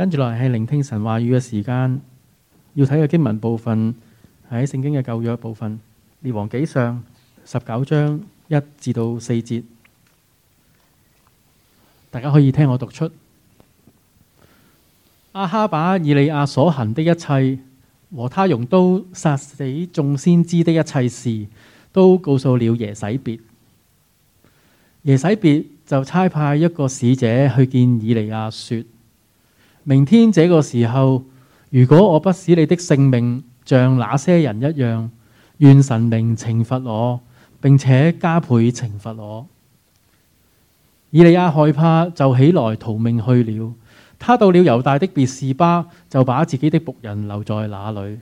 跟住落嚟係聆聽神話語嘅時間，要睇嘅經文部分係喺聖經嘅舊約部分《列王紀上》十九章一至到四節，大家可以聽我讀出。阿哈把以利亞所行的一切和他用刀殺死眾先知的一切事，都告訴了耶洗別。耶洗別就差派一個使者去見以利亞說。明天這個時候，如果我不使你的性命像那些人一樣，願神明懲罰我，並且加倍懲罰我。以利亞害怕，就起來逃命去了。他到了猶大的別是巴，就把自己的僕人留在那裡，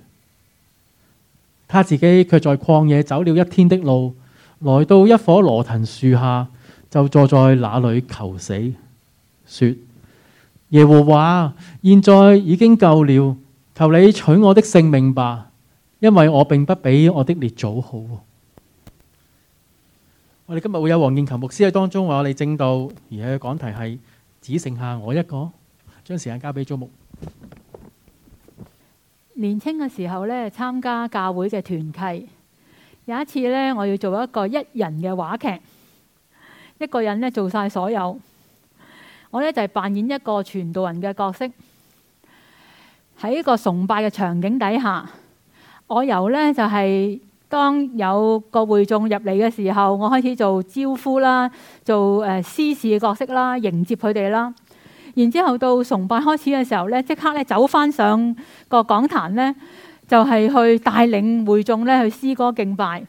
他自己卻在曠野走了一天的路，來到一棵羅藤樹下，就坐在那裡求死，說。耶和華，現在已經夠了，求你取我的性命吧，因為我並不比我的列祖好。我哋今日會有黃建球牧師喺當中，為我哋證道，而佢嘅講題係只剩下我一個，將時間交俾祖牧。年輕嘅時候呢，參加教會嘅團契，有一次呢，我要做一個一人嘅話劇，一個人呢，做晒所有。我咧就係、是、扮演一個傳道人嘅角色，喺一個崇拜嘅場景底下，我由咧就係、是、當有個會眾入嚟嘅時候，我開始做招呼啦，做誒司、呃、事嘅角色啦，迎接佢哋啦。然之後到崇拜開始嘅時候咧，即刻咧走翻上個講壇咧，就係、是、去帶領會眾咧去詩歌敬拜。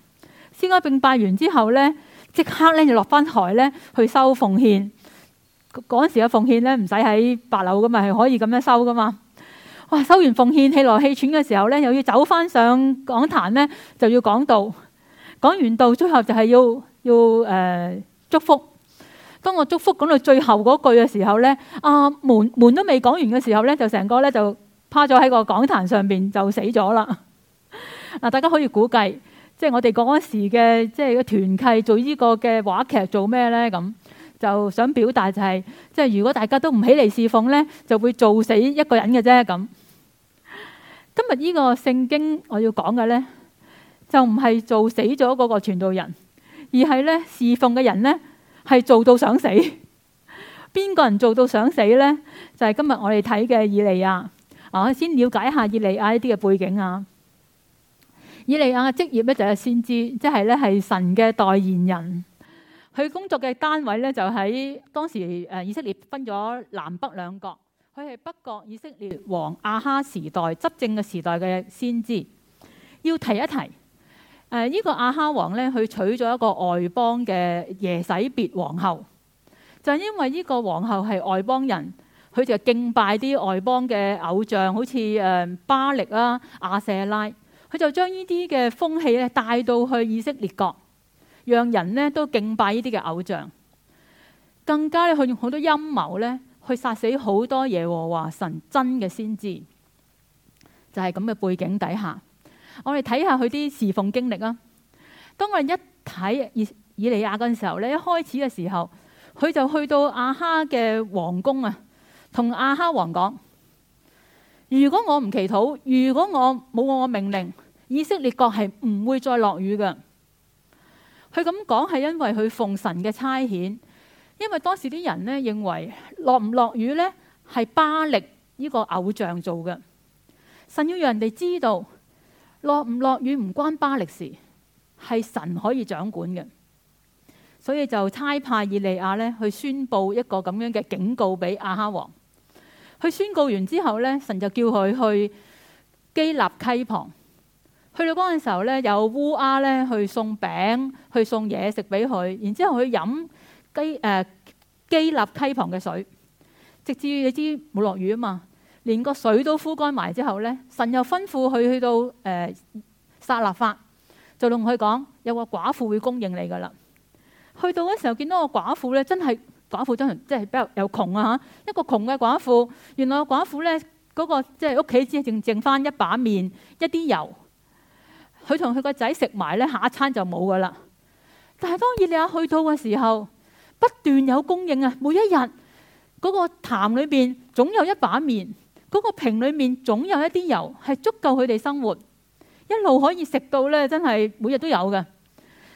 詩歌敬拜完之後咧，即刻咧就落翻台咧去收奉獻。嗰陣時嘅奉獻咧，唔使喺八樓噶嘛，係可以咁樣收噶嘛。哇！收完奉獻，氣來氣喘嘅時候咧，又要走翻上講壇咧，就要講道。講完道，最後就係要要誒祝福。當我祝福講到最後嗰句嘅時候咧，啊門門都未講完嘅時候咧，就成個咧就趴咗喺個講壇上邊就死咗啦。嗱，大家可以估計，即係我哋嗰陣時嘅即係個團契做呢個嘅話劇做咩咧咁？就想表達就係，即係如果大家都唔起嚟侍奉呢就會做死一個人嘅啫咁。今日呢個聖經我要講嘅呢，就唔係做死咗嗰個傳道人，而係呢侍奉嘅人呢，係做到想死。邊個人做到想死呢？就係今日我哋睇嘅以利亞。啊，先了解下以利亞呢啲嘅背景啊。以利亞嘅職業呢，就係先知，即係呢係神嘅代言人。佢工作嘅單位咧就喺當時誒以色列分咗南北兩國，佢係北國以色列王亞哈時代執政嘅時代嘅先知。要提一提誒呢、呃這個亞哈王咧，佢娶咗一個外邦嘅耶洗別皇后，就是、因為呢個皇后係外邦人，佢就敬拜啲外邦嘅偶像，好似誒巴力啦、啊、亞舍拉，佢就將呢啲嘅風氣咧帶到去以色列國。讓人咧都敬拜呢啲嘅偶像，更加咧去用好多陰謀咧去殺死好多耶和華神真嘅先知，就係咁嘅背景底下，我哋睇下佢啲侍奉經歷啊。當我哋一睇以以利亞嗰陣時候咧，一開始嘅時候，佢就去到阿哈嘅皇宮啊，同阿哈王講：如果我唔祈禱，如果我冇我嘅命令，以色列國係唔會再落雨嘅。佢咁講係因為佢奉神嘅差遣，因為當時啲人呢認為落唔落雨呢係巴力呢個偶像做嘅，神要讓人哋知道落唔落雨唔關巴力事，係神可以掌管嘅，所以就差派以利亞呢去宣佈一個咁樣嘅警告俾亞哈王。佢宣告完之後呢，神就叫佢去基立溪旁。去到嗰陣時候咧，有烏鴉咧去送餅，去送嘢食俾佢。然之後去飲雞誒基立溪旁嘅水，直至你知冇落雨啊嘛，連個水都枯乾埋之後咧，神又吩咐佢去到誒撒勒法，就同佢講有個寡婦會供應你噶啦。去到嗰時候見到個寡婦咧，真係寡婦真係即係比較又窮啊嚇。一個窮嘅寡婦，原來寡婦咧嗰個即係屋企只淨淨返一把麵，一啲油。佢同佢個仔食埋咧，下一餐就冇噶啦。但係當以利亞去到嘅時候，不斷有供應啊，每一日嗰個壇裏邊總有一把麵，嗰個瓶裏面總有一啲油，係足夠佢哋生活，一路可以食到咧，真係每日都有嘅。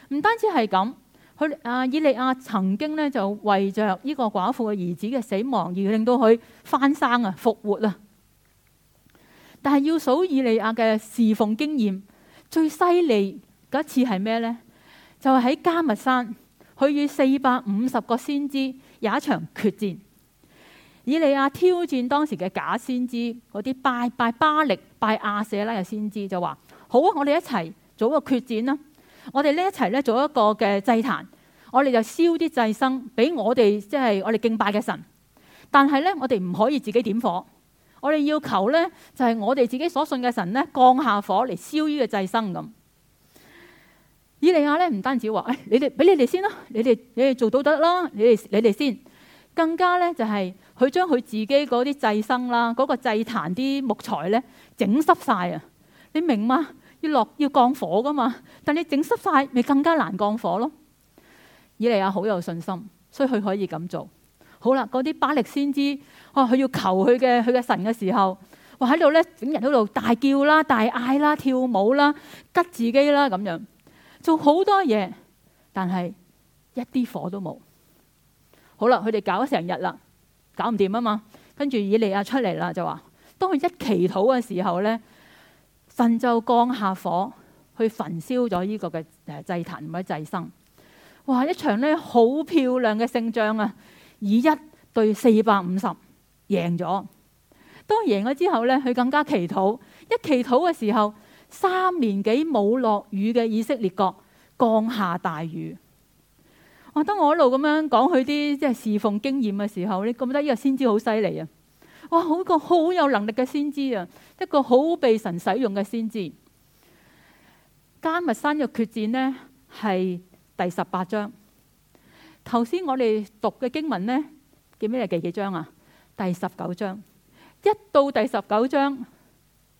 唔單止係咁，佢阿以利亞曾經咧就為着呢個寡婦嘅兒子嘅死亡而令到佢翻生啊復活啊。但係要數以利亞嘅侍奉經驗。最犀利嗰一次係咩呢？就係、是、喺加密山，佢與四百五十個先知有一場決戰。以利亞挑戰當時嘅假先知，嗰啲拜拜巴力、拜亞舍拉嘅先知就話：好啊，我哋一齊做一個決戰啦！我哋呢一齊咧做一個嘅祭壇，我哋就燒啲祭牲俾我哋，即、就、係、是、我哋敬拜嘅神。但係咧，我哋唔可以自己點火。我哋要求咧，就係、是、我哋自己所信嘅神咧，降下火嚟燒依個祭牲咁。以利亞咧唔單止話，誒、哎，你哋俾你哋先啦，你哋你哋做到得啦，你哋你哋先。更加咧就係、是、佢將佢自己嗰啲祭牲啦，嗰、那個祭壇啲木材咧整濕晒啊！你明嘛？要落要降火㗎嘛？但你整濕晒，咪更加難降火咯。以利亞好有信心，所以佢可以咁做。好啦，嗰啲巴力先知哦，佢、啊、要求佢嘅佢嘅神嘅時候，哇喺度咧整日喺度大叫啦、大嗌啦、跳舞啦、吉自己啦咁樣做好多嘢，但係一啲火都冇。好啦，佢哋搞咗成日啦，搞唔掂啊嘛。跟住以利亞出嚟啦，就話當佢一祈禱嘅時候咧，神就降下火去焚燒咗呢個嘅祭壇或者祭牲。哇！一場咧好漂亮嘅勝仗啊！以一對四百五十贏咗，當贏咗之後咧，佢更加祈禱。一祈禱嘅時候，三年幾冇落雨嘅以色列國降下大雨。哇、啊！當我一路咁樣講佢啲即係侍奉經驗嘅時候，你覺得呢個先知好犀利啊！哇，好個好有能力嘅先知啊，一個好被神使用嘅先知。迦密山嘅決戰呢，係第十八章。頭先我哋讀嘅經文呢，叫咩？第幾章啊？第十九章。一到第十九章，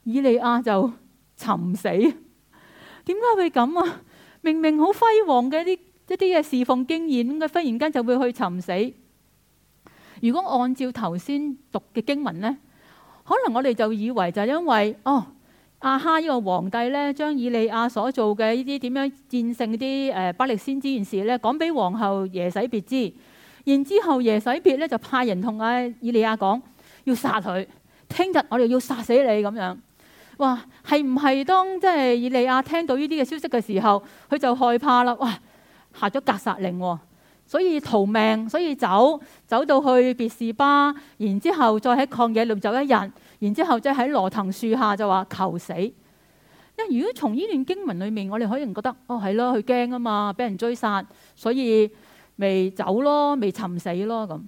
以利亞就尋死。點解會咁啊？明明好輝煌嘅一啲一啲嘅侍奉經驗，佢忽然間就會去尋死。如果按照頭先讀嘅經文呢，可能我哋就以為就係因為哦。阿、啊、哈呢、這個皇帝咧，將以利亞所做嘅呢啲點樣戰勝啲誒巴力先知件事咧，講俾皇后耶洗別知。然之後耶洗別咧就派人同阿、啊、以利亞講，要殺佢。聽日我哋要殺死你咁樣。哇，係唔係當即係、就是、以利亞聽到呢啲嘅消息嘅時候，佢就害怕啦？哇，下咗格殺令喎、哦，所以逃命，所以走，走到去別是巴，然之後再喺曠野裏走一日。然之後就喺羅藤樹下就話求死，因為如果從呢段經文裏面，我哋可能覺得哦係咯，佢驚啊嘛，俾人追殺，所以咪走咯，未尋死咯咁。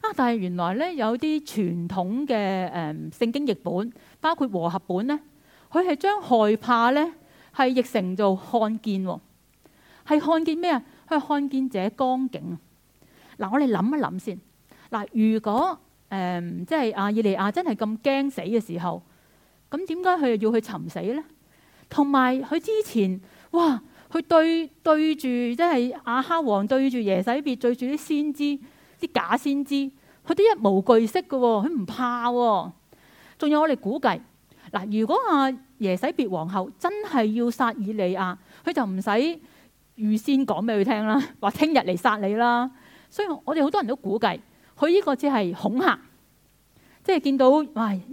啊！但係原來咧有啲傳統嘅誒聖經譯本，包括和合本咧，佢係將害怕咧係譯成做看見、哦，係看見咩啊？佢係看見者光景。嗱、啊，我哋諗一諗先。嗱、啊，如果誒、嗯，即係阿以利亞真係咁驚死嘅時候，咁點解佢又要去尋死咧？同埋佢之前，哇！佢對對住即係阿哈王對住耶洗別對住啲先知、啲假先知，佢都一無懼色嘅喎、哦，佢唔怕喎、哦。仲有我哋估計，嗱，如果阿、啊、耶洗別皇后真係要殺以利亞，佢就唔使預先講俾佢聽啦，話聽日嚟殺你啦。所以我哋好多人都估計，佢呢個只係恐嚇。即係見到哇！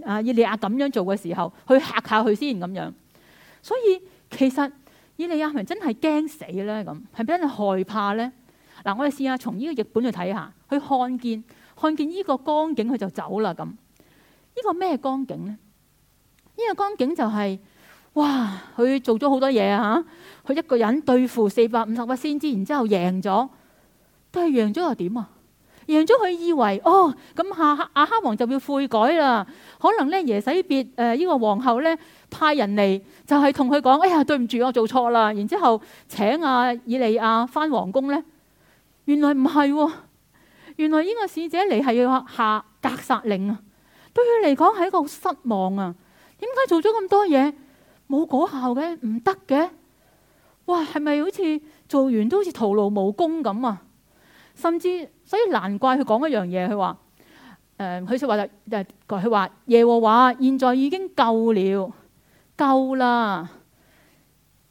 阿、啊、以利亞咁樣做嘅時候，去吓下佢先咁樣。所以其實以利亞咪真係驚死咧？咁，係咪真係害怕咧？嗱、啊，我哋試下從呢個譯本去睇下，去看見看見呢個光景，佢就走啦咁。呢、這個咩光景咧？呢、這個光景就係、是、哇！佢做咗好多嘢啊！吓，佢一個人對付四百五十個先知，然之後贏咗，但係贏咗又點啊？讓咗佢以為哦，咁亞亞哈王就要悔改啦。可能咧，耶洗別誒呢個皇后咧派人嚟，就係同佢講：哎呀，對唔住，我做錯啦。然之後請阿、啊、以利亞翻皇宮咧，原來唔係、哦，原來呢個使者嚟係要下格殺令啊！對佢嚟講係一個好失望啊！點解做咗咁多嘢冇果效嘅？唔得嘅！哇，係咪好似做完都好似徒勞無功咁啊？甚至所以難怪佢講一樣嘢，佢話誒，佢、呃、說話就就佢話耶和華現在已經夠了，夠啦。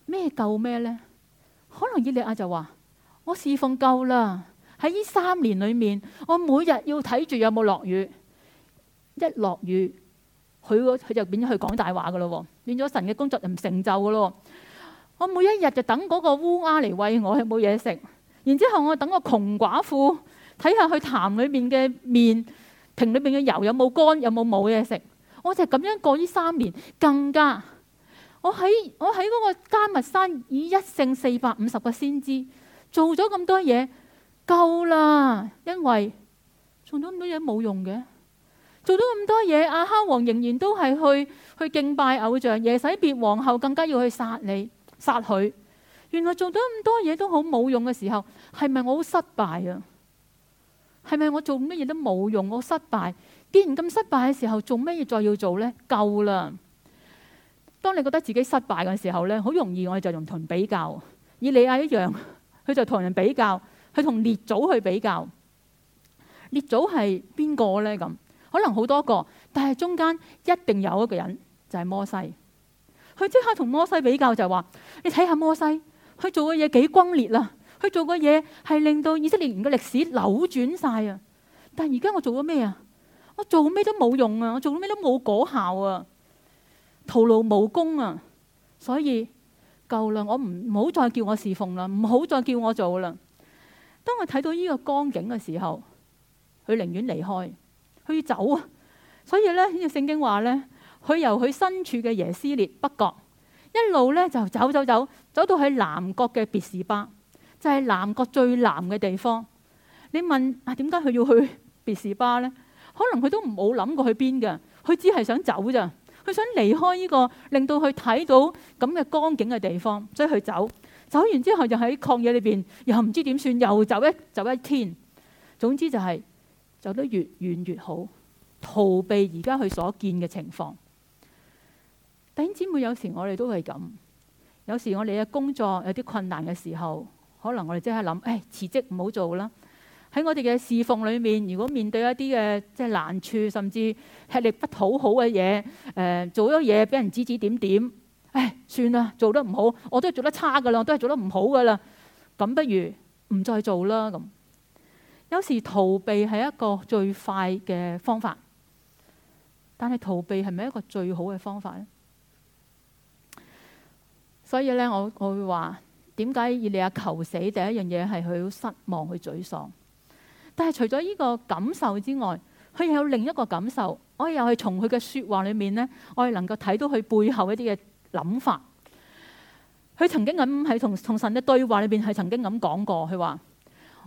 咩夠咩咧？可能以利亞就話我侍奉夠啦，喺呢三年裏面，我每日要睇住有冇落雨。一落雨，佢佢就變咗去講大話噶咯，變咗神嘅工作就唔成就噶咯。我每一日就等嗰個烏鴉嚟餵我，有冇嘢食。然之後，我等個窮寡婦睇下佢壇裏面嘅麵，瓶裏面嘅油有冇乾，有冇冇嘢食。我就咁樣過呢三年。更加我喺我喺嗰個迦密山，以一勝四百五十個先知做咗咁多嘢，夠啦。因為做咗咁多嘢冇用嘅，做咗咁多嘢，亞哈王仍然都係去去敬拜偶像。耶洗別皇后更加要去殺你，殺佢。原來做咗咁多嘢都好冇用嘅時候，係咪我好失敗啊？係咪我做乜嘢都冇用？我失敗。既然咁失敗嘅時候，做乜嘢再要做呢？夠啦！當你覺得自己失敗嘅時候呢，好容易我哋就同人比較。以利亞一樣，佢就同人比較，佢同列祖去比較。列祖係邊個呢？咁可能好多個，但係中間一定有一個人就係摩西。佢即刻同摩西比較，就話：你睇下摩西。佢做嘅嘢幾轟烈啦，啊！佢做嘅嘢係令到以色列人嘅歷史扭轉晒啊！但而家我做咗咩啊？我做咩都冇用啊！我做咩都冇果效啊！徒勞無功啊！所以夠啦！我唔唔好再叫我侍奉啦！唔好再叫我做啦！當我睇到呢個光景嘅時候，佢寧願離開，佢要走啊！所以咧呢、呢個聖經話咧，佢由佢身處嘅耶斯列北角。一路咧就走走走，走到喺南國嘅別士巴，就係、是、南國最南嘅地方。你問啊，點解佢要去別士巴呢？可能佢都冇諗過去邊嘅，佢只係想走咋。佢想離開呢、這個令到佢睇到咁嘅光景嘅地方，所以佢走。走完之後就喺曠野裏邊，又唔知點算，又走一走一天。總之就係、是、走得越遠越好，逃避而家佢所見嘅情況。弟兄姊妹，有時我哋都係咁。有時我哋嘅工作有啲困難嘅時候，可能我哋即刻諗，誒、哎、辭職唔好做啦。喺我哋嘅侍奉裏面，如果面對一啲嘅即係難處，甚至吃力不討好嘅嘢，誒、呃、做咗嘢俾人指指點點，唉、哎，算啦，做得唔好，我都係做得差噶啦，我都係做得唔好噶啦。咁不如唔再做啦咁。有時逃避係一個最快嘅方法，但係逃避係咪一個最好嘅方法咧？所以咧，我我會話點解以利亞求死？第一樣嘢係佢好失望，佢沮喪。但係除咗呢個感受之外，佢又有另一個感受。我又係從佢嘅說話裏面呢，我係能夠睇到佢背後一啲嘅諗法。佢曾經咁喺同同神嘅對話裏邊係曾經咁講過，佢話：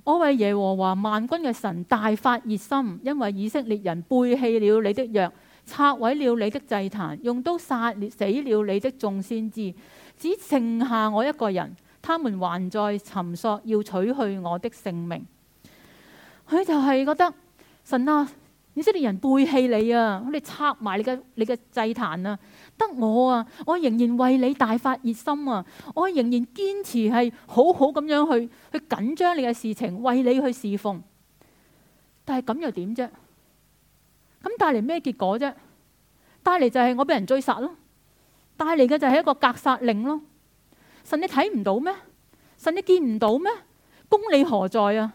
我為耶和華萬軍嘅神大發熱心，因為以色列人背棄了你的約，拆毀了你的祭壇，用刀殺死了你的眾先知。只剩下我一個人，他們還在尋索要取去我的性命。佢就係覺得神啊，以色列人背棄你啊，你拆埋你嘅你嘅祭壇啊，得我啊，我仍然為你大發熱心啊，我仍然堅持係好好咁樣去去緊張你嘅事情，為你去侍奉。但係咁又點啫？咁帶嚟咩結果啫？帶嚟就係我俾人追殺咯。帶嚟嘅就係一個格殺令咯，神你睇唔到咩？神你見唔到咩？公理何在啊？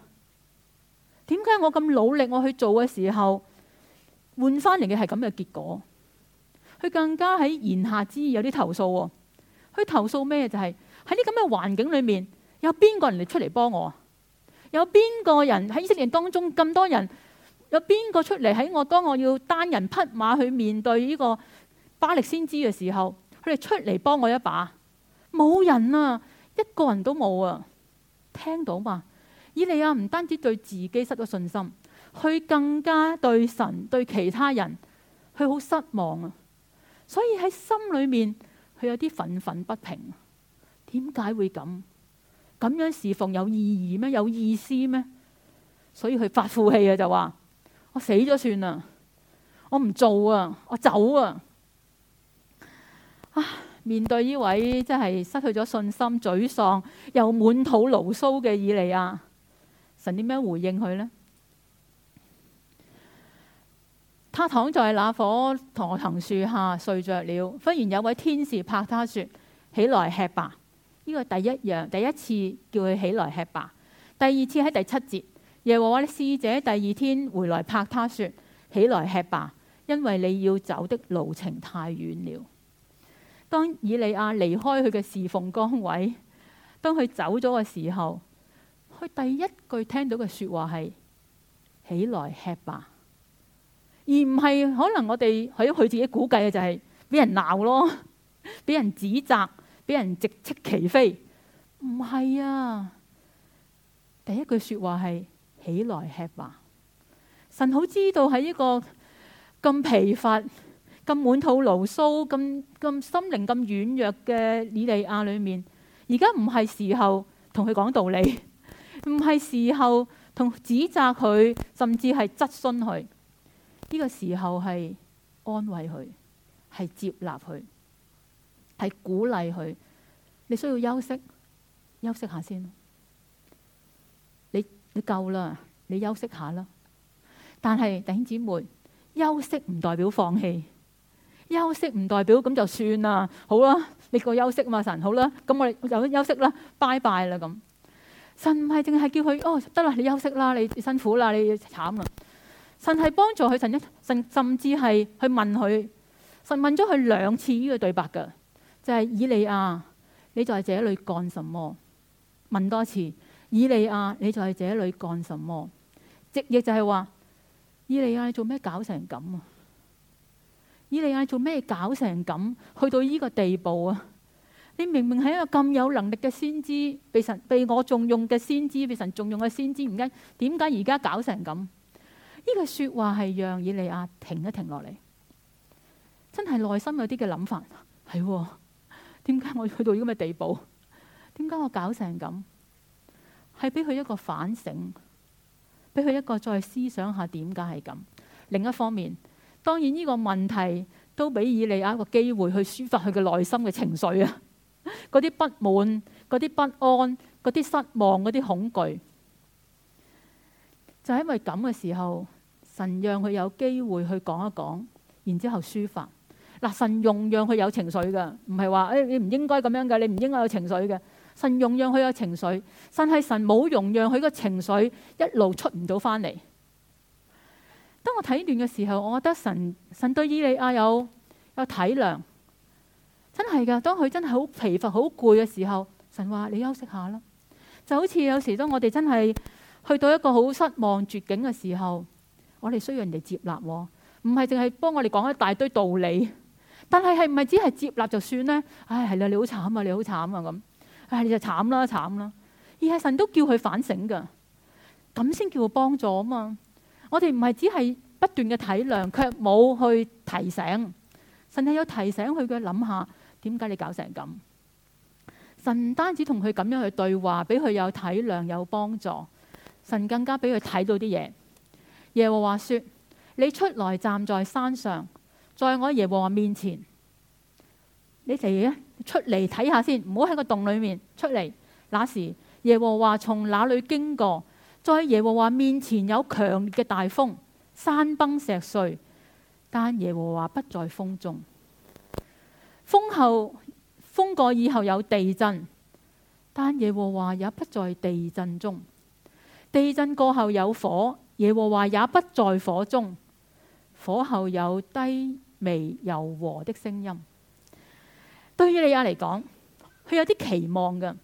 點解我咁努力我去做嘅時候，換翻嚟嘅係咁嘅結果？佢更加喺言下之意有啲投訴、哦，去投訴咩？就係喺啲咁嘅環境裏面，有邊個人嚟出嚟幫我？有邊個人喺以色列當中咁多人，有邊個出嚟喺我當我要單人匹馬去面對呢個巴力先知嘅時候？佢哋出嚟幫我一把，冇人啊，一個人都冇啊，聽到嘛？以利亞唔單止對自己失咗信心，佢更加對神、對其他人，佢好失望啊！所以喺心裏面，佢有啲憤憤不平，點解會咁？咁樣侍奉有意義咩？有意思咩？所以佢發晦氣啊，就話：我死咗算啦，我唔做啊，我走啊！啊、面對呢位真係失去咗信心、沮喪又滿肚牢騷嘅以利亞，神點樣回應佢呢？他躺在那棵駝藤樹下睡着了。忽然有位天使拍他說：起來吃吧！呢、這個第一樣，第一次叫佢起來吃吧。第二次喺第七節，耶和華的使者第二天回來拍他說：起來吃吧，因為你要走的路程太遠了。當以利亞離開佢嘅侍奉崗位，當佢走咗嘅時候，佢第一句聽到嘅說話係：起來吃吧，而唔係可能我哋喺佢自己估計嘅就係、是、俾人鬧咯，俾人指責，俾人直斥其非。唔係啊，第一句說話係起來吃吧。神好知道喺一個咁疲乏。咁滿肚牢騷，咁咁心靈咁軟弱嘅以利亞裏面，而家唔係時候同佢講道理，唔係時候同指責佢，甚至係質詢佢。呢個時候係安慰佢，係接納佢，係鼓勵佢。你需要休息，休息下先。你你夠啦，你休息下啦。但係弟兄姊妹，休息唔代表放棄。休息唔代表咁就算啦，好啦，你個休息嘛，神好啦，咁我哋就休息啦，拜拜啦咁。神唔係淨係叫佢，哦，得啦，你休息啦，你辛苦啦，你慘啊！神係幫助佢，神一神，神甚至係去問佢，神問咗佢兩次呢個對白噶，就係、是、以利亞，你在這裏幹什麼？問多次，以利亞，你在這裏幹什麼？直譯就係話，以利亞，你做咩搞成咁啊？以利亞做咩搞成咁？去到呢個地步啊！你明明係一個咁有能力嘅先知，被神、被我重用嘅先知，被神重用嘅先知，唔解？點解而家搞成咁？呢句說話係讓以利亞停一停落嚟，真係內心有啲嘅諗法。係點解我去到呢咁嘅地步？點解我搞成咁？係俾佢一個反省，俾佢一個再思想下點解係咁。另一方面。當然呢個問題都俾以利亞一個機會去抒發佢嘅內心嘅情緒啊！嗰啲不滿、嗰啲不安、嗰啲失望、嗰啲恐懼，就係因為咁嘅時候，神讓佢有機會去講一講，然之後抒發。嗱，神容讓佢有情緒嘅，唔係話誒你唔應該咁樣嘅，你唔應該有情緒嘅。神容讓佢有情緒，但係神冇容讓佢個情緒一路出唔到翻嚟。當我睇呢段嘅時候，我覺得神神對伊利亞有有體諒，真係噶。當佢真係好疲乏、好攰嘅時候，神話你休息下啦。就好似有時當我哋真係去到一個好失望、絕境嘅時候，我哋需要人哋接納，唔係淨係幫我哋講一大堆道理。但係係唔係只係接納就算咧？唉，係啦，你好慘啊，你好慘啊，咁唉、哎，你就慘啦，慘啦。而係神都叫佢反省噶，咁先叫佢幫助啊嘛。我哋唔係只係不斷嘅體諒，卻冇去提醒。神係有提醒佢嘅。諗下，點解你搞成咁？神唔單止同佢咁樣去對話，俾佢有體諒、有幫助，神更加俾佢睇到啲嘢。耶和華說：你出來站在山上，在我耶和華面前，你哋啊！出嚟睇下先，唔好喺個洞裏面。出嚟，那時耶和華從那裏經過。在耶和華面前有強烈嘅大風，山崩石碎，但耶和華不在風中。風後風過以後有地震，但耶和華也不在地震中。地震過後有火，耶和華也不在火中。火後有低微柔和的聲音。對以利亞嚟講，佢有啲期望嘅，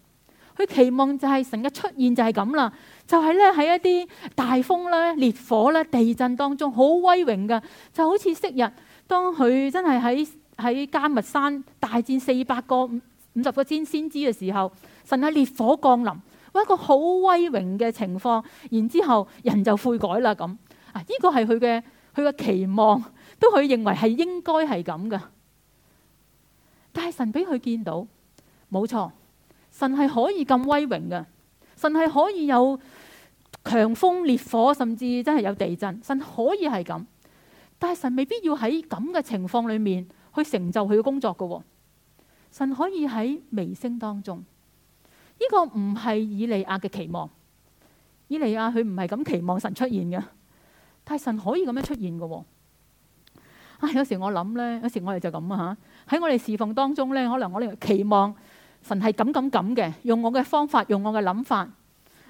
佢期望就係神嘅出現就係咁啦。就係咧喺一啲大風啦、烈火啦、地震當中好威榮嘅，就好似昔日當佢真係喺喺迦密山大戰四百個五十個先先知嘅時候，神喺烈火降臨，為一個好威榮嘅情況，然之後人就悔改啦咁。啊，呢個係佢嘅佢嘅期望，都佢認為係應該係咁嘅。但係神俾佢見到，冇錯，神係可以咁威榮嘅，神係可以有。強風烈火，甚至真係有地震，神可以係咁，但係神未必要喺咁嘅情況裏面去成就佢嘅工作嘅、哦。神可以喺微聲當中，呢、這個唔係以利亞嘅期望。以利亞佢唔係咁期望神出現嘅，但係神可以咁樣出現嘅、哦。唉、哎，有時我諗呢，有時我哋就咁啊吓。喺我哋侍奉當中呢，可能我哋期望神係咁咁咁嘅，用我嘅方法，用我嘅諗法。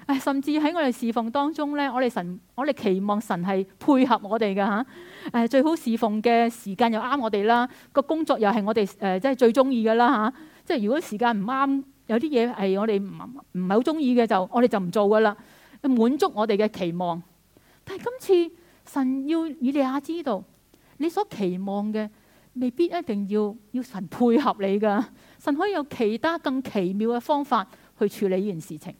唉，甚至喺我哋侍奉當中咧，我哋神，我哋期望神係配合我哋嘅嚇。唉，最好侍奉嘅時間又啱我哋啦，個工作又係我哋誒即係最中意嘅啦嚇。即係如果時間唔啱，有啲嘢係我哋唔唔係好中意嘅，就我哋就唔做噶啦，滿足我哋嘅期望。但係今次神要以利亞知道，你所期望嘅未必一定要要神配合你噶，神可以有其他更奇妙嘅方法去處理呢件事情。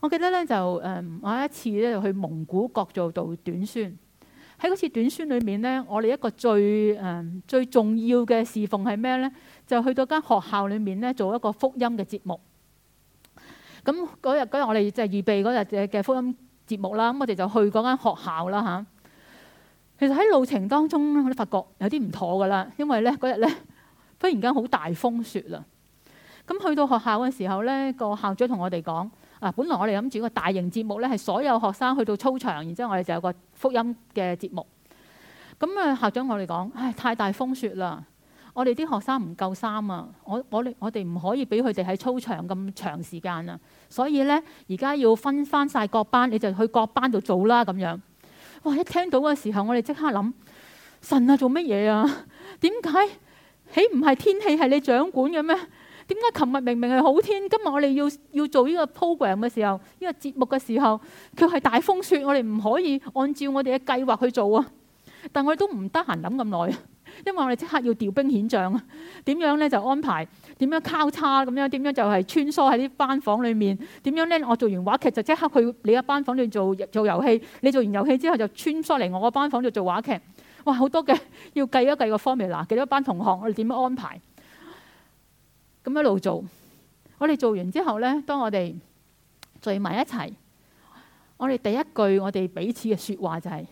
我記得咧就誒、嗯，我一次咧就去蒙古國做道短宣，喺嗰次短宣裏面咧，我哋一個最誒、嗯、最重要嘅侍奉係咩咧？就去到間學校裏面咧做一個福音嘅節目。咁嗰日嗰日我哋就預備嗰日嘅嘅福音節目啦。咁我哋就去嗰間學校啦嚇。其實喺路程當中，我都發覺有啲唔妥噶啦，因為咧嗰日咧忽然間好大風雪啦。咁去到學校嘅時候咧，個校長同我哋講。嗱，本來我哋諗住個大型節目咧，係所有學生去到操場，然之後我哋就有個福音嘅節目。咁啊，校長我哋講，唉，太大風雪啦，我哋啲學生唔夠衫啊，我我我哋唔可以俾佢哋喺操場咁長時間啊，所以咧而家要分翻晒各班，你就去各班度做啦咁樣。哇，一聽到嘅時候，我哋即刻諗，神啊，做乜嘢啊？點解？豈唔係天氣係你掌管嘅咩？點解琴日明明係好天，今日我哋要要做呢個 program 嘅時候，呢個節目嘅時候，佢係大風雪，我哋唔可以按照我哋嘅計劃去做啊！但我哋都唔得閒諗咁耐，啊，因為我哋即刻要調兵遣將啊！點樣咧就安排？點樣交叉咁樣？點樣就係穿梭喺啲班房裏面？點樣咧？我做完話劇就即刻去你嘅班房度做做遊戲，你做完遊戲之後就穿梭嚟我嘅班房度做話劇。哇！好多嘅要計一計個 formula，幾多班同學我哋點樣安排？咁一路做，我哋做完之後呢，當我哋聚埋一齊，我哋第一句我哋彼此嘅說話就係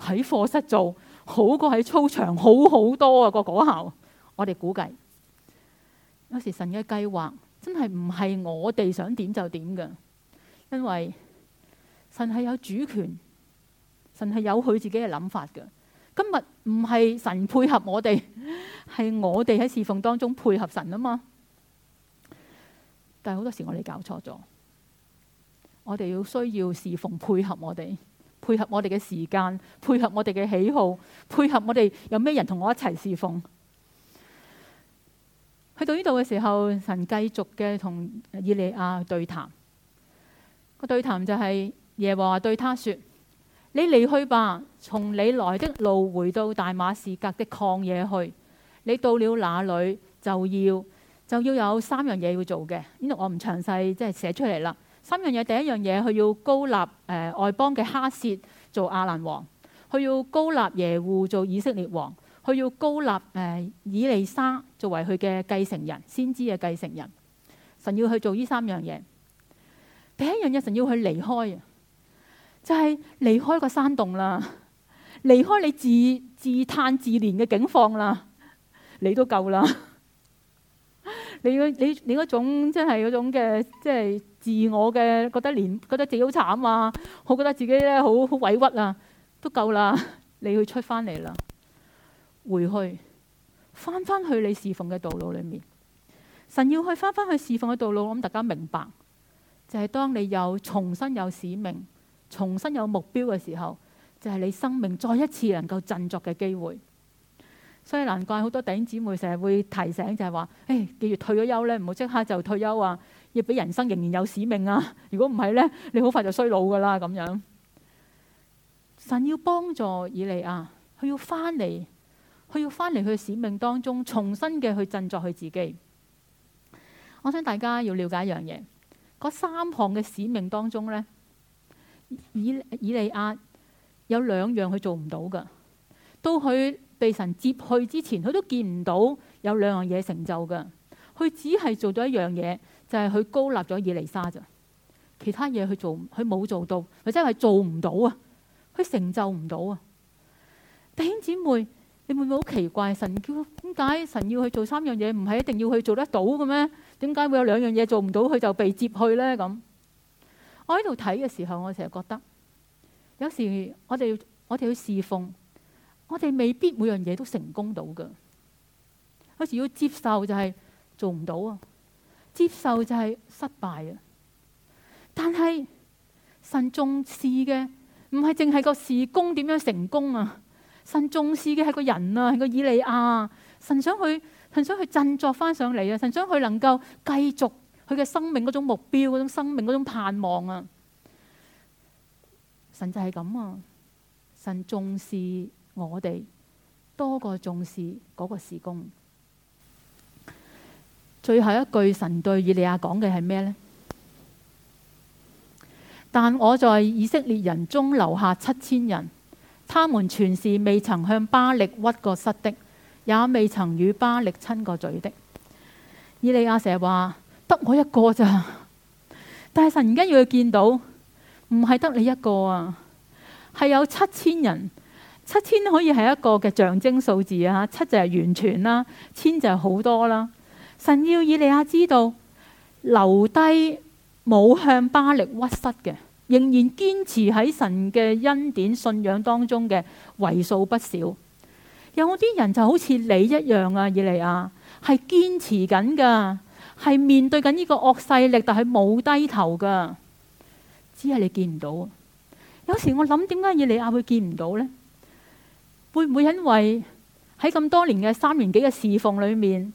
喺課室做好過喺操場好好多啊，個果效，我哋估計有時神嘅計劃真係唔係我哋想點就點嘅，因為神係有主權，神係有佢自己嘅諗法嘅。今日唔係神配合我哋，係我哋喺侍奉當中配合神啊嘛。但係好多時我哋搞錯咗，我哋要需要侍奉配合我哋，配合我哋嘅時間，配合我哋嘅喜好，配合我哋有咩人同我一齊侍奉。去到呢度嘅時候，神繼續嘅同以利亞對談。個對談就係耶和華對他說。你離去吧，從你來的路回到大馬士革的曠野去。你到了那裡就要就要有三樣嘢要做嘅，呢度我唔詳細即係寫出嚟啦。三樣嘢，第一樣嘢佢要膏立誒、呃、外邦嘅哈薛做亞蘭王，佢要膏立耶戶做以色列王，佢要膏立誒、呃、以利沙作為佢嘅繼承人、先知嘅繼承人。神要去做呢三樣嘢。第一樣嘢，神要佢離開。就係、是、離開個山洞啦，離開你自自嘆自憐嘅境況啦，你都夠啦。你嗰你你嗰種真係嗰種嘅即係自我嘅覺得憐，覺得自己好慘啊！我覺得自己咧好好委屈啊，都夠啦。你去出翻嚟啦，回去翻翻去你侍奉嘅道路裏面，神要去翻翻去侍奉嘅道路。我諗大家明白，就係、是、當你有重新有使命。重新有目標嘅時候，就係、是、你生命再一次能夠振作嘅機會。所以難怪好多弟兄姊妹成日會提醒就是說，就係話，誒，記住退咗休咧，唔好即刻就退休啊！要俾人生仍然有使命啊！如果唔係咧，你好快就衰老噶啦咁樣。神要幫助以利亞，佢要翻嚟，佢要翻嚟去使命當中重新嘅去振作佢自己。我想大家要了解一樣嘢，嗰三項嘅使命當中咧。以以利亞有兩樣佢做唔到噶，到佢被神接去之前，佢都見唔到有兩樣嘢成就噶。佢只係做到一樣嘢，就係佢高立咗以利沙咋。其他嘢佢做佢冇做到，佢真係做唔到啊，佢成就唔到啊。弟兄姊妹，你會唔會好奇怪神？點解神要去做三樣嘢，唔係一定要去做得到嘅咩？點解會有兩樣嘢做唔到，佢就被接去咧咁？我喺度睇嘅時候，我成日覺得，有時我哋要我哋要侍奉，我哋未必每樣嘢都成功到㗎。有時要接受就係做唔到啊，接受就係失敗啊。但係神重視嘅，唔係淨係個事工點樣成功啊。神重視嘅係個人啊，係個以利亞。神想佢，神想佢振作翻上嚟啊！神想佢能夠繼續。佢嘅生命嗰種目標，嗰種生命嗰種盼望啊！神就係咁啊！神重視我哋多過重視嗰個事工。最後一句，神對以利亞講嘅係咩呢？但我在以色列人中留下七千人，他們全是未曾向巴力屈過膝的，也未曾與巴力親過嘴的。以利亞蛇話。得我一個咋？但係神而家要佢見到，唔係得你一個啊，係有七千人，七千可以係一個嘅象徵數字啊，七就係完全啦，千就係好多啦。神要以利亞知道，留低冇向巴力屈膝嘅，仍然堅持喺神嘅恩典信仰當中嘅為數不少。有啲人就好似你一樣啊，以利亞係堅持緊噶。係面對緊呢個惡勢力，但係冇低頭噶，只係你見唔到。有時我諗，點解以利亞會見唔到呢？會唔會因為喺咁多年嘅三年幾嘅侍奉裏面，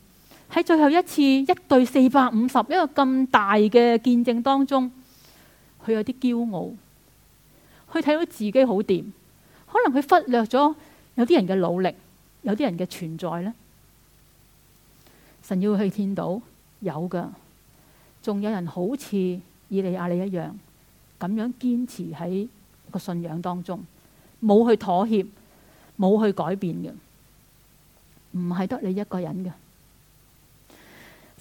喺最後一次一對四百五十一個咁大嘅見證當中，佢有啲驕傲，佢睇到自己好掂，可能佢忽略咗有啲人嘅努力，有啲人嘅存在呢？神要去見到。有噶，仲有人好似以利亞利一樣，咁樣堅持喺個信仰當中，冇去妥協，冇去改變嘅，唔係得你一個人嘅。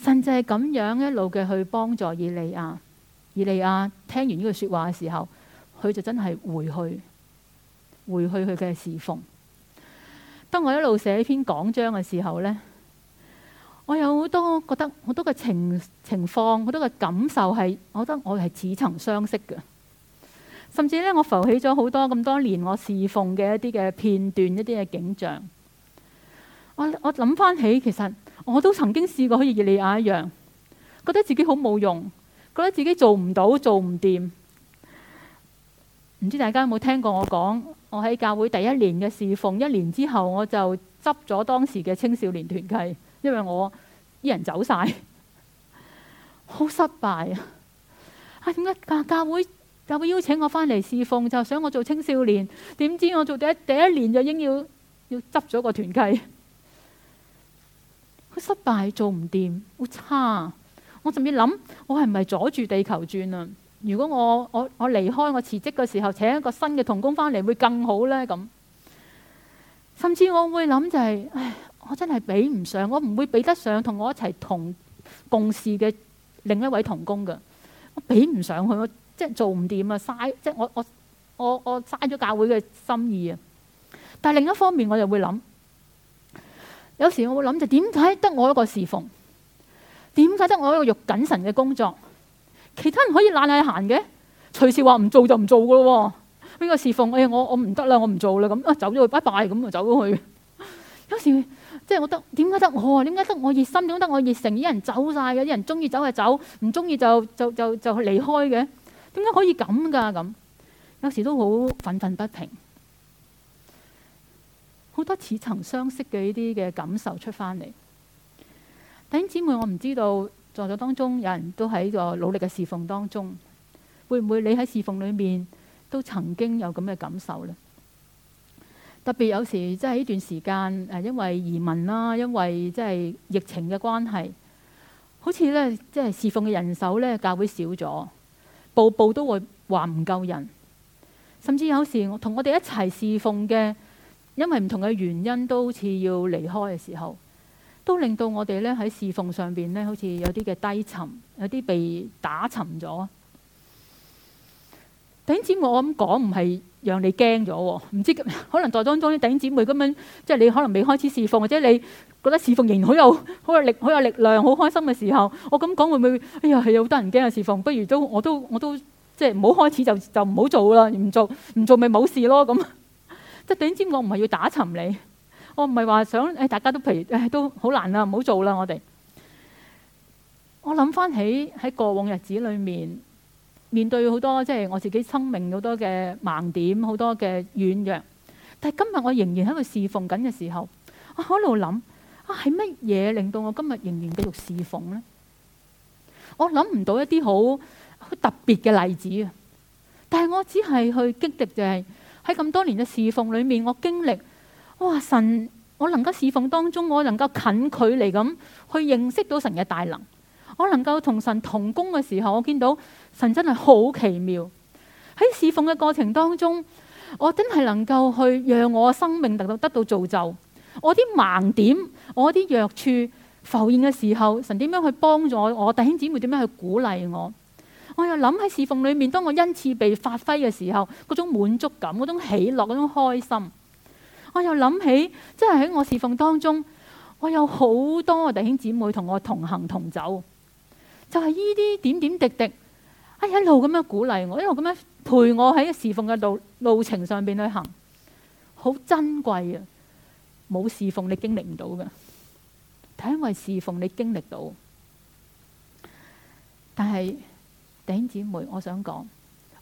甚至係咁樣一路嘅去幫助以利亞。以利亞聽完呢句說話嘅時候，佢就真係回去，回去佢嘅侍奉。當我一路寫篇講章嘅時候呢。我有好多覺得好多嘅情情況，好多嘅感受係，我覺得我係似曾相識嘅。甚至咧，我浮起咗好多咁多年我侍奉嘅一啲嘅片段，一啲嘅景象。我我諗翻起，其實我都曾經試過好似以利亞一樣，覺得自己好冇用，覺得自己做唔到，做唔掂。唔知大家有冇聽過我講？我喺教會第一年嘅侍奉，一年之後我就執咗當時嘅青少年團契，因為我。啲人走晒，好失敗啊！啊、哎，點解教教會教會邀請我翻嚟侍奉，就想我做青少年，點知我做第一第一年就已經要要執咗個團契，好失敗，做唔掂，好差。我甚至諗，我係唔係阻住地球轉啊？如果我我我離開我辭職嘅時候請一個新嘅同工翻嚟會更好呢？咁。甚至我會諗就係、是，唉。我真係比唔上，我唔會比得上同我一齊同共事嘅另一位同工嘅，我比唔上佢，我即係、就是、做唔掂啊，嘥即係我我我我嘥咗教會嘅心意啊！但係另一方面，我就會諗，有時我會諗就點解得我一個侍奉，點解得我一個肉緊神嘅工作，其他人可以懶懶閒嘅，隨時話唔做就唔做噶咯？邊、這個侍奉誒，我我唔得啦，我唔做啦，咁啊走咗去，拜拜咁就走咗去，有時。即係我得，點解得我？點解得我熱心？點解得我熱誠？啲人走晒嘅？啲人中意走就走，唔中意就就就就離開嘅。點解可以咁㗎？咁有時都好憤憤不平，好多似曾相識嘅呢啲嘅感受出翻嚟。弟兄姊妹，我唔知道在座當中有人都喺個努力嘅侍奉當中，會唔會你喺侍奉裏面都曾經有咁嘅感受呢？特別有時即係呢段時間，誒因為移民啦，因為即係疫情嘅關係，好似咧即係侍奉嘅人手咧，教會少咗，步步都會話唔夠人，甚至有時同我哋一齊侍奉嘅，因為唔同嘅原因都好似要離開嘅時候，都令到我哋咧喺侍奉上邊咧，好似有啲嘅低沉，有啲被打沉咗。頂止我咁講，唔係。讓你驚咗，唔知可能在當中啲弟兄姊妹咁樣，即係你可能未開始侍奉，或者你覺得侍奉好有好有力、好有力量、好開心嘅時候，我咁講會唔會？哎呀，係有好多人驚侍奉，不如都我都我都即係唔好開始就就唔好做啦，唔做唔做咪冇事咯咁。即係弟兄姊妹，我唔係要打沉你，我唔係話想，誒，大家都譬如，誒，都好難啦，唔好做啦，我哋。我諗翻起喺過往日子裏面。面對好多即係我自己生命好多嘅盲點，好多嘅軟弱，但係今日我仍然喺度侍奉緊嘅時候，我喺度諗啊，係乜嘢令到我今日仍然繼續侍奉呢？我諗唔到一啲好好特別嘅例子啊！但係我只係去激勵，就係喺咁多年嘅侍奉裏面，我經歷哇，神，我能夠侍奉當中，我能夠近距離咁去認識到神嘅大能。我能夠同神同工嘅時候，我見到神真係好奇妙。喺侍奉嘅過程當中，我真係能夠去讓我生命得得到造就。我啲盲點，我啲弱處浮現嘅時候，神點樣去幫助我？我弟兄姊妹點樣去鼓勵我？我又諗喺侍奉裏面，當我恩賜被發揮嘅時候，嗰種滿足感，嗰種喜樂，嗰種開心。我又諗起，真係喺我侍奉當中，我有好多弟兄姊妹同我同行同走。就係呢啲點點滴滴，啊一路咁樣鼓勵我，一路咁樣陪我喺個侍奉嘅路路程上邊去行，好珍貴啊！冇侍奉你經歷唔到嘅，但係因為侍奉你經歷到，但係頂姊妹，我想講，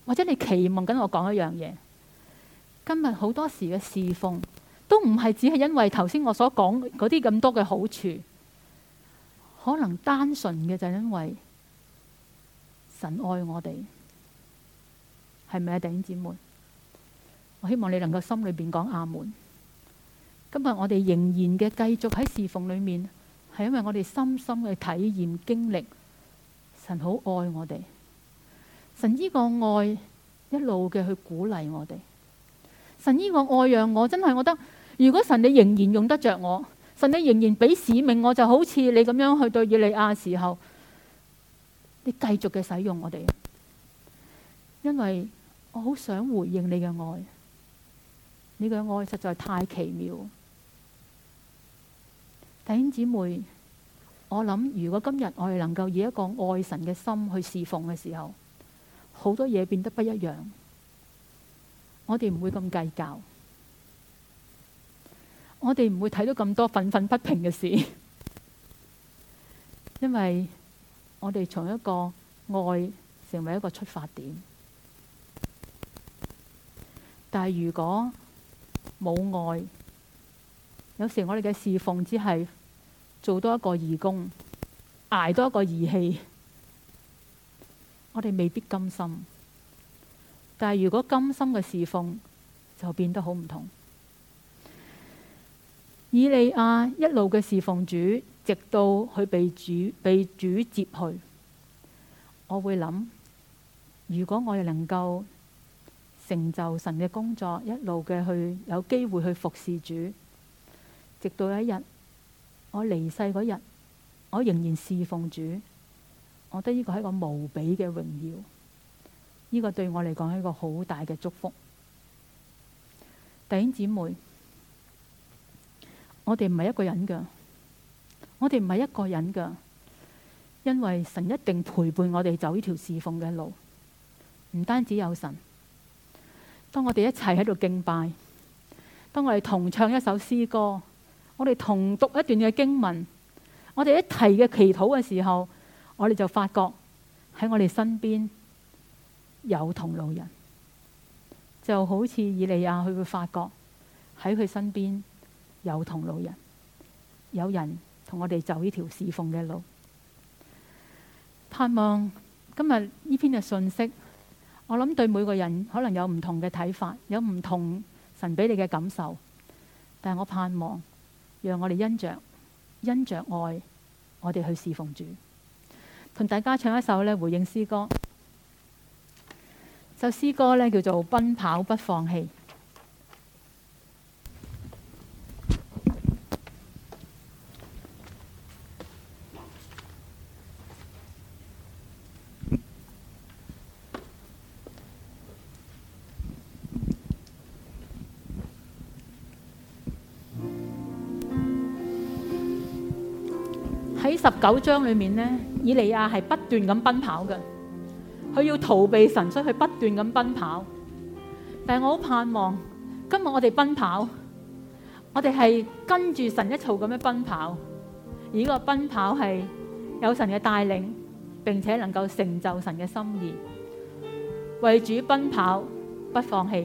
或者你期望緊我講一樣嘢，今日好多時嘅侍奉都唔係只係因為頭先我所講嗰啲咁多嘅好處。可能單純嘅就係因為神愛我哋，係咪啊弟兄姊妹？我希望你能夠心裏邊講阿門。今日我哋仍然嘅繼續喺侍奉裏面，係因為我哋深深嘅體驗經歷，神好愛我哋，神依個愛一路嘅去鼓勵我哋，神依個愛讓我真係我覺得，如果神你仍然用得着我，神你仍然俾使命我，就好似你咁樣去對以利亞時候，你繼續嘅使用我哋，因為我好想回應你嘅愛，你嘅愛，愛實在太奇妙。弟兄姊妹，我諗如果今日我哋能夠以一個愛神嘅心去侍奉嘅時候，好多嘢變得不一樣，我哋唔會咁計較。我哋唔會睇到咁多憤憤不平嘅事，因為我哋從一個愛成為一個出發點。但係如果冇愛，有時我哋嘅侍奉只係做多一個義工，捱多一個義氣，我哋未必甘心。但係如果甘心嘅侍奉，就變得好唔同。以利亞一路嘅侍奉主，直到佢被主被主接去。我會諗，如果我哋能夠成就神嘅工作，一路嘅去有機會去服侍主，直到有一日我離世嗰日，我仍然侍奉主，我覺得呢個係一個無比嘅榮耀，呢個對我嚟講係一個好大嘅祝福。弟兄姊妹。我哋唔係一個人㗎，我哋唔係一個人㗎，因為神一定陪伴我哋走呢條侍奉嘅路，唔單止有神。當我哋一齊喺度敬拜，當我哋同唱一首詩歌，我哋同讀一段嘅經文，我哋一提嘅祈禱嘅時候，我哋就發覺喺我哋身邊有同路人，就好似以利亞，佢會發覺喺佢身邊。有同路人，有人同我哋走呢條侍奉嘅路。盼望今日呢篇嘅信息，我諗對每個人可能有唔同嘅睇法，有唔同神俾你嘅感受。但係我盼望，讓我哋因着因着愛，我哋去侍奉主。同大家唱一首咧回應詩歌，首詩歌咧叫做《奔跑不放棄》。九章裏面呢，以利亞係不斷咁奔跑嘅，佢要逃避神，所以佢不斷咁奔跑。但係我好盼望，今日我哋奔跑，我哋係跟住神一嘈咁樣奔跑，而呢個奔跑係有神嘅帶領，並且能夠成就神嘅心意，為主奔跑，不放棄。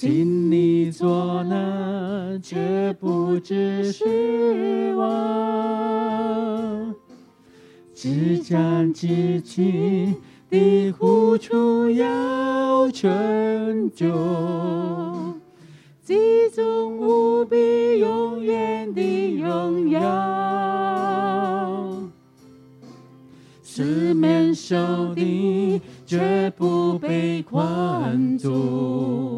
心裡作難，卻不至失望。至暫至輕的苦楚要成就，極重無比永遠的榮耀。四面受敵，卻不被困住。